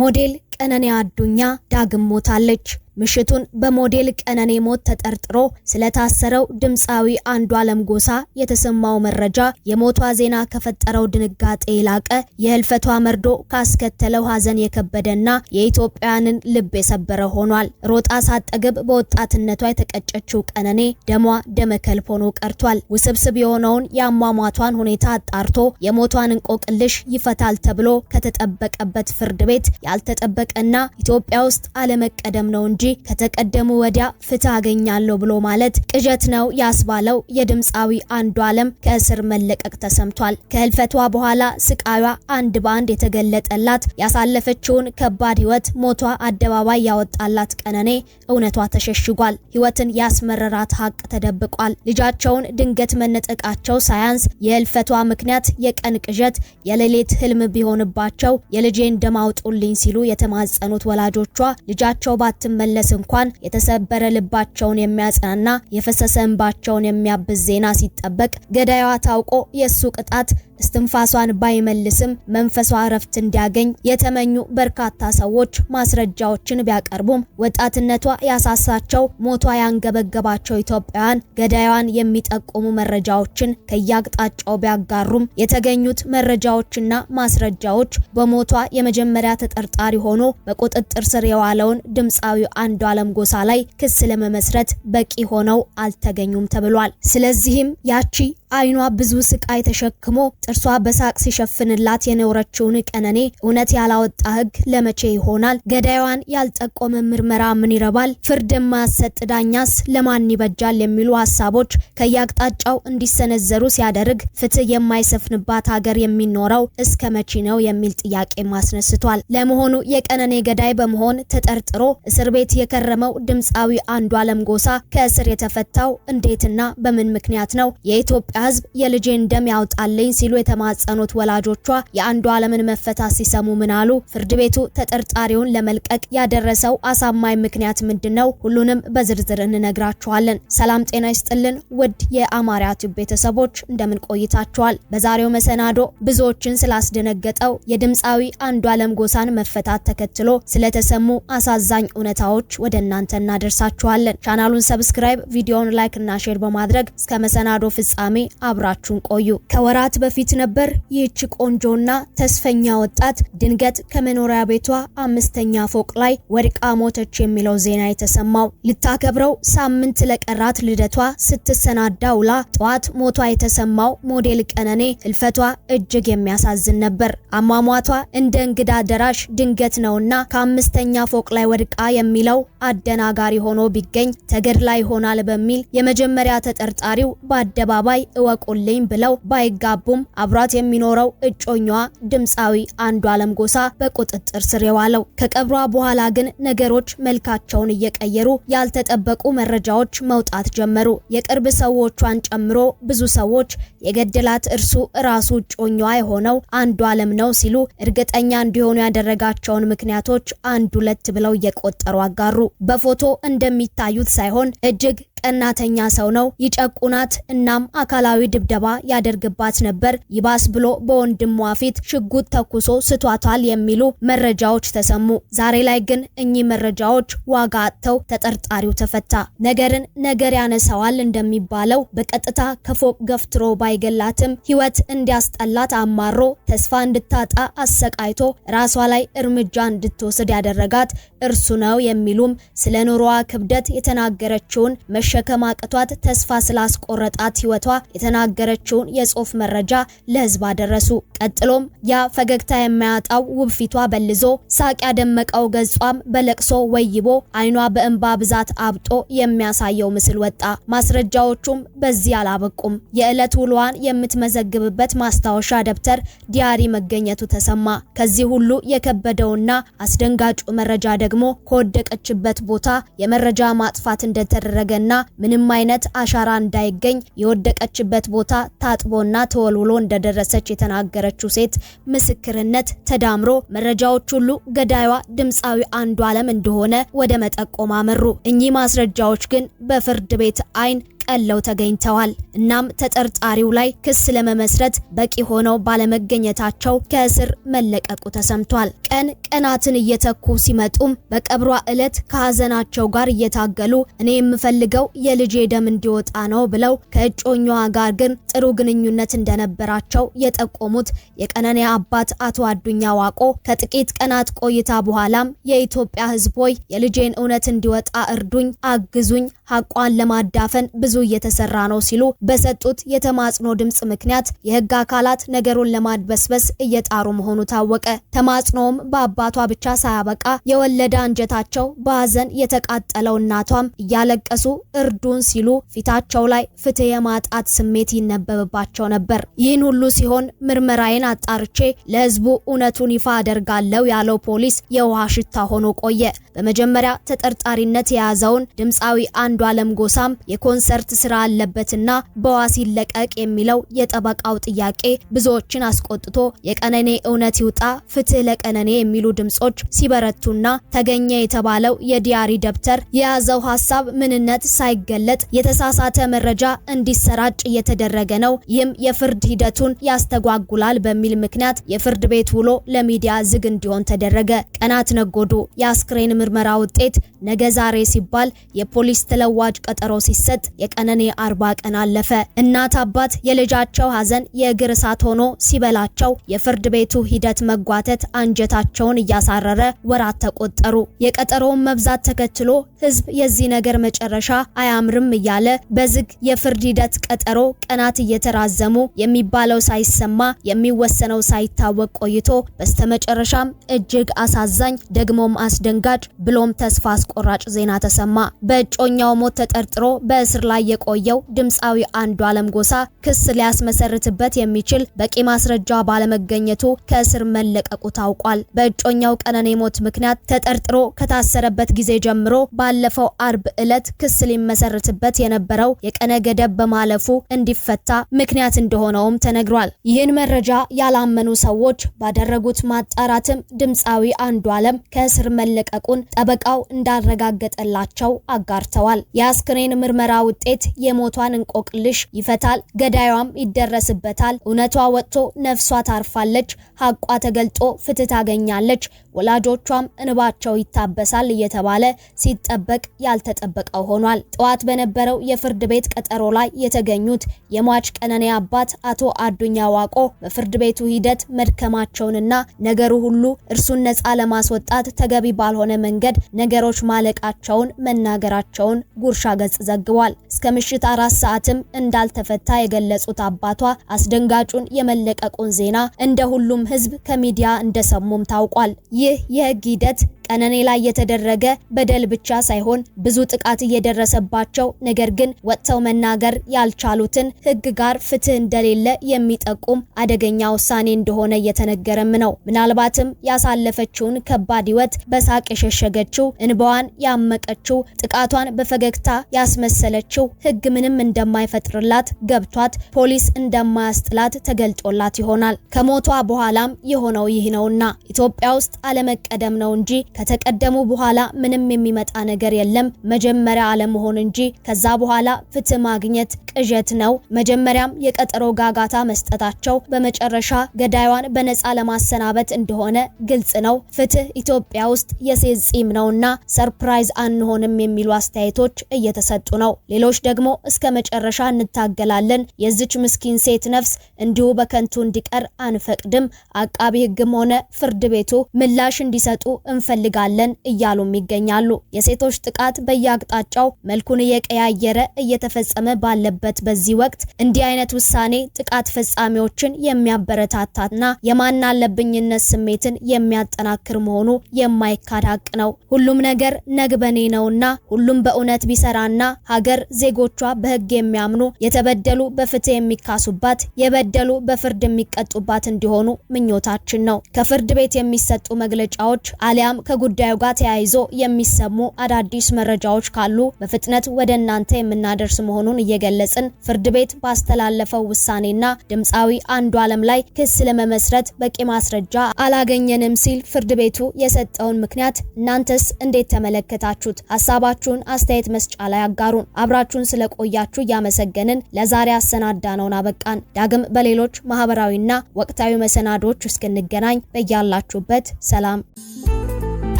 ሞዴል ቀነኔ አዱኛ ዳግም ሞታለች። ምሽቱን በሞዴል ቀነኔ ሞት ተጠርጥሮ ስለታሰረው ድምፃዊ አንዷለም ጎሳ የተሰማው መረጃ የሞቷ ዜና ከፈጠረው ድንጋጤ የላቀ የህልፈቷ መርዶ ካስከተለው ሀዘን የከበደና የኢትዮጵያውያንን ልብ የሰበረ ሆኗል። ሮጣ ሳጠግብ በወጣትነቷ የተቀጨችው ቀነኔ ደሟ ደመከልብ ሆኖ ቀርቷል። ውስብስብ የሆነውን የአሟሟቷን ሁኔታ አጣርቶ የሞቷን እንቆቅልሽ ይፈታል ተብሎ ከተጠበቀበት ፍርድ ቤት ያልተጠበቀና ኢትዮጵያ ውስጥ አለመቀደም ነው እንጂ እንጂ ከተቀደሙ ወዲያ ፍትህ አገኛለሁ ብሎ ማለት ቅዠት ነው ያስባለው የድምፃዊ አለም ከእስር መለቀቅ ተሰምቷል። ከህልፈቷ በኋላ ስቃዩዋ አንድ በአንድ የተገለጠላት ያሳለፈችውን ከባድ ህይወት ሞቷ አደባባይ ያወጣላት ቀነኔ እውነቷ ተሸሽጓል። ህይወትን ያስመረራት ሀቅ ተደብቋል። ልጃቸውን ድንገት መነጠቃቸው ሳያንስ የህልፈቷ ምክንያት የቀን ቅዠት፣ የሌሊት ህልም ቢሆንባቸው የልጄን ደም አውጡልኝ ሲሉ የተማጸኑት ወላጆቿ ልጃቸው ባትመለ ቢመለስ እንኳን የተሰበረ ልባቸውን የሚያጽናና የፈሰሰ እንባቸውን የሚያብስ ዜና ሲጠበቅ ገዳይዋ ታውቆ የእሱ ቅጣት እስትንፋሷን ባይመልስም መንፈሷ እረፍት እንዲያገኝ የተመኙ በርካታ ሰዎች ማስረጃዎችን ቢያቀርቡም ወጣትነቷ ያሳሳቸው፣ ሞቷ ያንገበገባቸው ኢትዮጵያውያን ገዳይዋን የሚጠቁሙ መረጃዎችን ከያቅጣጫው ቢያጋሩም የተገኙት መረጃዎችና ማስረጃዎች በሞቷ የመጀመሪያ ተጠርጣሪ ሆኖ በቁጥጥር ስር የዋለውን ድምፃዊ አንዱዓለም ጎሳ ላይ ክስ ለመመስረት በቂ ሆነው አልተገኙም ተብሏል። ስለዚህም ያቺ አይኗ ብዙ ስቃይ ተሸክሞ ጥርሷ በሳቅ ሲሸፍንላት የኖረችውን ቀነኔ እውነት ያላወጣ ሕግ ለመቼ ይሆናል? ገዳይዋን ያልጠቆመ ምርመራ ምን ይረባል? ፍርድ የማያሰጥ ዳኛስ ለማን ይበጃል? የሚሉ ሀሳቦች ከየአቅጣጫው እንዲሰነዘሩ ሲያደርግ ፍትህ የማይሰፍንባት ሀገር የሚኖረው እስከ መቼ ነው የሚል ጥያቄ ማስነስቷል። ለመሆኑ የቀነኔ ገዳይ በመሆን ተጠርጥሮ እስር ቤት የከረመው ድምፃዊ አለም ጎሳ ከእስር የተፈታው እንዴትና በምን ምክንያት ነው? የኢትዮጵያ ህዝብ የልጄን ደም ያውጣልኝ ሲሉ የተማጸኑት ወላጆቿ የአንዱ ዓለምን መፈታት ሲሰሙ ምን አሉ? ፍርድ ቤቱ ተጠርጣሪውን ለመልቀቅ ያደረሰው አሳማኝ ምክንያት ምንድን ነው? ሁሉንም በዝርዝር እንነግራችኋለን። ሰላም ጤና ይስጥልን ውድ የአማርያ ቲዩብ ቤተሰቦች እንደምን ቆይታችኋል? በዛሬው መሰናዶ ብዙዎችን ስላስደነገጠው የድምፃዊ አንዱ ዓለም ጎሳን መፈታት ተከትሎ ስለተሰሙ አሳዛኝ እውነታዎች ወደ እናንተ እናደርሳችኋለን። ቻናሉን ሰብስክራይብ፣ ቪዲዮውን ላይክ እና ሼር በማድረግ እስከ መሰናዶ ፍጻሜ አብራችሁን ቆዩ። ከወራት በፊት ነበር ይህች ቆንጆና ተስፈኛ ወጣት ድንገት ከመኖሪያ ቤቷ አምስተኛ ፎቅ ላይ ወድቃ ሞተች የሚለው ዜና የተሰማው። ልታከብረው ሳምንት ለቀራት ልደቷ ስትሰናዳ ውላ ጠዋት ሞቷ የተሰማው ሞዴል ቀነኔ ህልፈቷ እጅግ የሚያሳዝን ነበር። አሟሟቷ እንደ እንግዳ ደራሽ ድንገት ነውና ከአምስተኛ ፎቅ ላይ ወድቃ የሚለው አደናጋሪ ሆኖ ቢገኝ ተገድላ ይሆናል በሚል የመጀመሪያ ተጠርጣሪው በአደባባይ እወቁልኝ ብለው ባይጋቡም አብሯት የሚኖረው እጮኛዋ ድምፃዊ አንዱ አለም ጎሳ በቁጥጥር ስር የዋለው ከቀብሯ በኋላ ግን ነገሮች መልካቸውን እየቀየሩ ያልተጠበቁ መረጃዎች መውጣት ጀመሩ። የቅርብ ሰዎቿን ጨምሮ ብዙ ሰዎች የገደላት እርሱ ራሱ እጮኛዋ የሆነው አንዱ አለም ነው ሲሉ እርግጠኛ እንዲሆኑ ያደረጋቸውን ምክንያቶች አንድ ሁለት ብለው እየቆጠሩ አጋሩ። በፎቶ እንደሚታዩት ሳይሆን እጅግ ቀናተኛ ሰው ነው። ይጨቁናት፣ እናም አካላዊ ድብደባ ያደርግባት ነበር። ይባስ ብሎ በወንድሟ ፊት ሽጉጥ ተኩሶ ስቷታል የሚሉ መረጃዎች ተሰሙ። ዛሬ ላይ ግን እኚህ መረጃዎች ዋጋ አጥተው ተጠርጣሪው ተፈታ። ነገርን ነገር ያነሳዋል እንደሚባለው በቀጥታ ከፎቅ ገፍትሮ ባይገላትም ህይወት እንዲያስጠላት አማሮ ተስፋ እንድታጣ አሰቃይቶ ራሷ ላይ እርምጃ እንድትወስድ ያደረጋት እርሱ ነው የሚሉም ስለ ኑሮዋ ክብደት የተናገረችውን መሸ መሸከም አቅቷት ተስፋ ስላስቆረጣት ህይወቷ የተናገረችውን የጽሁፍ መረጃ ለህዝብ አደረሱ። ቀጥሎም ያ ፈገግታ የማያጣው ውብ ፊቷ በልዞ ሳቅ ያደመቀው ገጿም በለቅሶ ወይቦ አይኗ በእንባ ብዛት አብጦ የሚያሳየው ምስል ወጣ። ማስረጃዎቹም በዚህ አላበቁም። የዕለት ውሏን የምትመዘግብበት ማስታወሻ ደብተር ዲያሪ መገኘቱ ተሰማ። ከዚህ ሁሉ የከበደውና አስደንጋጩ መረጃ ደግሞ ከወደቀችበት ቦታ የመረጃ ማጥፋት እንደተደረገና ምንም አይነት አሻራ እንዳይገኝ የወደቀችበት ቦታ ታጥቦና ተወልውሎ እንደደረሰች የተናገረችው ሴት ምስክርነት ተዳምሮ መረጃዎች ሁሉ ገዳይዋ ድምፃዊ አንዱ አለም እንደሆነ ወደ መጠቆም አመሩ። እኚህ ማስረጃዎች ግን በፍርድ ቤት አይን ቀለው ተገኝተዋል። እናም ተጠርጣሪው ላይ ክስ ለመመስረት በቂ ሆነው ባለመገኘታቸው ከእስር መለቀቁ ተሰምቷል። ቀን ቀናትን እየተኩ ሲመጡም በቀብሯ ዕለት ከሀዘናቸው ጋር እየታገሉ እኔ የምፈልገው የልጄ ደም እንዲወጣ ነው ብለው ከእጮኛዋ ጋር ግን ጥሩ ግንኙነት እንደነበራቸው የጠቆሙት የቀነኔ አባት አቶ አዱኛ ዋቆ ከጥቂት ቀናት ቆይታ በኋላም የኢትዮጵያ ሕዝብ ሆይ የልጄን እውነት እንዲወጣ እርዱኝ፣ አግዙኝ፣ ሀቋን ለማዳፈን ብዙ ብዙ እየተሰራ ነው ሲሉ በሰጡት የተማጽኖ ድምጽ ምክንያት የህግ አካላት ነገሩን ለማድበስበስ እየጣሩ መሆኑ ታወቀ። ተማጽኖውም በአባቷ ብቻ ሳያበቃ የወለደ አንጀታቸው በሀዘን የተቃጠለው እናቷም እያለቀሱ እርዱን ሲሉ ፊታቸው ላይ ፍትህ የማጣት ስሜት ይነበብባቸው ነበር። ይህን ሁሉ ሲሆን ምርመራዬን አጣርቼ ለህዝቡ እውነቱን ይፋ አደርጋለሁ ያለው ፖሊስ የውሃ ሽታ ሆኖ ቆየ። በመጀመሪያ ተጠርጣሪነት የያዘውን ድምፃዊ አንዱ አለም ጎሳም የኮንሰርት የመስፈርት ስራ አለበትና በዋስ ይለቀቅ የሚለው የጠበቃው ጥያቄ ብዙዎችን አስቆጥቶ የቀነኔ እውነት ይውጣ፣ ፍትህ ለቀነኔ የሚሉ ድምጾች ሲበረቱና ተገኘ የተባለው የዲያሪ ደብተር የያዘው ሀሳብ ምንነት ሳይገለጥ የተሳሳተ መረጃ እንዲሰራጭ እየተደረገ ነው። ይህም የፍርድ ሂደቱን ያስተጓጉላል በሚል ምክንያት የፍርድ ቤት ውሎ ለሚዲያ ዝግ እንዲሆን ተደረገ። ቀናት ነጎዱ። የአስክሬን ምርመራ ውጤት ነገ ዛሬ ሲባል የፖሊስ ተለዋጭ ቀጠሮ ሲሰጥ ቀነኔ አርባ ቀን አለፈ። እናት አባት የልጃቸው ሀዘን የእግር እሳት ሆኖ ሲበላቸው የፍርድ ቤቱ ሂደት መጓተት አንጀታቸውን እያሳረረ ወራት ተቆጠሩ። የቀጠሮውን መብዛት ተከትሎ ህዝብ የዚህ ነገር መጨረሻ አያምርም እያለ በዝግ የፍርድ ሂደት ቀጠሮ ቀናት እየተራዘሙ የሚባለው ሳይሰማ የሚወሰነው ሳይታወቅ ቆይቶ በስተመጨረሻም እጅግ አሳዛኝ ደግሞም አስደንጋጭ ብሎም ተስፋ አስቆራጭ ዜና ተሰማ። በእጮኛው ሞት ተጠርጥሮ በእስር ላይ የቆየው ድምፃዊ አንዱ አለም ጎሳ ክስ ሊያስመሰርትበት የሚችል በቂ ማስረጃ ባለመገኘቱ ከእስር መለቀቁ ታውቋል። በእጮኛው ቀነኔ ሞት ምክንያት ተጠርጥሮ ከታሰረበት ጊዜ ጀምሮ ባለፈው አርብ ዕለት ክስ ሊመሰርትበት የነበረው የቀነ ገደብ በማለፉ እንዲፈታ ምክንያት እንደሆነውም ተነግሯል። ይህን መረጃ ያላመኑ ሰዎች ባደረጉት ማጣራትም ድምፃዊ አንዱ አለም ከእስር መለቀቁን ጠበቃው እንዳረጋገጠላቸው አጋርተዋል። የአስክሬን ምርመራ ውጤት ሴት የሞቷን እንቆቅልሽ ይፈታል፣ ገዳዩም ይደረስበታል። እውነቷ ወጥቶ ነፍሷ ታርፋለች፣ ሀቋ ተገልጦ ፍትህ ታገኛለች። ወላጆቿም እንባቸው ይታበሳል እየተባለ ሲጠበቅ ያልተጠበቀው ሆኗል። ጠዋት በነበረው የፍርድ ቤት ቀጠሮ ላይ የተገኙት የሟች ቀነኔ አባት አቶ አዱኛ ዋቆ በፍርድ ቤቱ ሂደት መድከማቸውንና ነገሩ ሁሉ እርሱን ነፃ ለማስወጣት ተገቢ ባልሆነ መንገድ ነገሮች ማለቃቸውን መናገራቸውን ጉርሻ ገጽ ዘግቧል። እስከ ምሽት አራት ሰዓትም እንዳልተፈታ የገለጹት አባቷ አስደንጋጩን የመለቀቁን ዜና እንደ ሁሉም ሕዝብ ከሚዲያ እንደሰሙም ታውቋል። ይህ የህግ ሂደት ቀነኔ ላይ የተደረገ በደል ብቻ ሳይሆን ብዙ ጥቃት እየደረሰባቸው ነገር ግን ወጥተው መናገር ያልቻሉትን ህግ ጋር ፍትህ እንደሌለ የሚጠቁም አደገኛ ውሳኔ እንደሆነ እየተነገረም ነው። ምናልባትም ያሳለፈችውን ከባድ ህይወት በሳቅ የሸሸገችው፣ እንባዋን ያመቀችው፣ ጥቃቷን በፈገግታ ያስመሰለችው ህግ ምንም እንደማይፈጥርላት ገብቷት ፖሊስ እንደማያስጥላት ተገልጦላት ይሆናል። ከሞቷ በኋላም የሆነው ይህ ነውና ኢትዮጵያ ውስጥ አለመቀደም ነው እንጂ ከተቀደሙ በኋላ ምንም የሚመጣ ነገር የለም። መጀመሪያ አለመሆን እንጂ ከዛ በኋላ ፍትህ ማግኘት ቅዠት ነው። መጀመሪያም የቀጠሮ ጋጋታ መስጠታቸው በመጨረሻ ገዳይዋን በነፃ ለማሰናበት እንደሆነ ግልጽ ነው። ፍትህ ኢትዮጵያ ውስጥ የሴት ጺም ነውና ሰርፕራይዝ አንሆንም የሚሉ አስተያየቶች እየተሰጡ ነው። ሌሎች ደግሞ እስከ መጨረሻ እንታገላለን፣ የዚች ምስኪን ሴት ነፍስ እንዲሁ በከንቱ እንዲቀር አንፈቅድም፣ አቃቢ ህግም ሆነ ፍርድ ቤቱ ምላሽ እንዲሰጡ እንፈልጋለን እንፈልጋለን እያሉም ይገኛሉ። የሴቶች ጥቃት በየአቅጣጫው መልኩን እየቀያየረ እየተፈጸመ ባለበት በዚህ ወቅት እንዲህ አይነት ውሳኔ ጥቃት ፈጻሚዎችን የሚያበረታታና የማናለብኝነት ስሜትን የሚያጠናክር መሆኑ የማይካድ ሀቅ ነው። ሁሉም ነገር ነግበኔ ነውና ሁሉም በእውነት ቢሰራና ሀገር ዜጎቿ በህግ የሚያምኑ የተበደሉ በፍትህ የሚካሱባት የበደሉ በፍርድ የሚቀጡባት እንዲሆኑ ምኞታችን ነው። ከፍርድ ቤት የሚሰጡ መግለጫዎች አሊያም ከጉዳዩ ጋር ተያይዞ የሚሰሙ አዳዲስ መረጃዎች ካሉ በፍጥነት ወደ እናንተ የምናደርስ መሆኑን እየገለጽን ፍርድ ቤት ባስተላለፈው ውሳኔና ድምፃዊ አንዱ ዓለም ላይ ክስ ለመመስረት በቂ ማስረጃ አላገኘንም ሲል ፍርድ ቤቱ የሰጠውን ምክንያት እናንተስ እንዴት ተመለከታችሁት? ሀሳባችሁን አስተያየት መስጫ ላይ አጋሩን። አብራችሁን ስለቆያችሁ እያመሰገንን ለዛሬ አሰናዳነውን አበቃን። ዳግም በሌሎች ማህበራዊና ወቅታዊ መሰናዶዎች እስክንገናኝ በያላችሁበት ሰላም